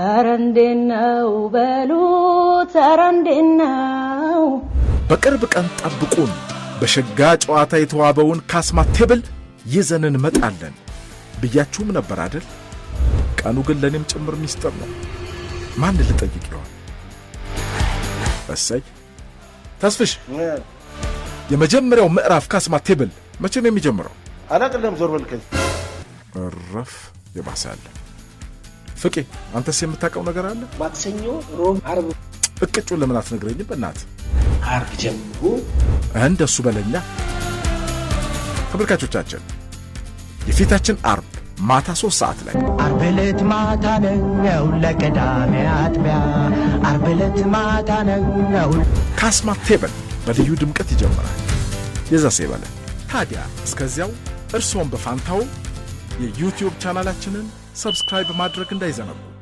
ኧረ በሉት፣ በቅርብ ቀን ጠብቁን። በሸጋ ጨዋታ የተዋበውን ካስማት ቴብል ይዘን እንመጣለን ብያችሁም ነበር አደል? ቀኑ ግን ለእኔም ጭምር ሚስጥር ነው። ማን ልጠይቅ ይሆን? እሰይ ተስፍሽ፣ የመጀመሪያው ምዕራፍ ካስማት ቴብል መቼ ነው የሚጀምረው? አላቅለም። ዞር በልከኝ። እረፍ፣ የባሰ ፍቄ አንተስ የምታውቀው ነገር አለ? ማክሰኞ፣ ሮብ፣ አርብ እቅጩን ለምን አትነግረኝም? በእናት አርብ ጀምሩ እንደሱ በለኛ። ተመልካቾቻችን የፊታችን አርብ ማታ ሶስት ሰዓት ላይ አርብ ዕለት ማታ ነው ለቅዳሜ አጥቢያ አርብ ዕለት ማታ ነው ካስማ ቴበል በልዩ ድምቀት ይጀምራል። የዛ ሴበለ ታዲያ እስከዚያው እርስዎን በፋንታው የዩቲዩብ ቻናላችንን ሰብስክራይብ ማድረግ እንዳይዘነጉ።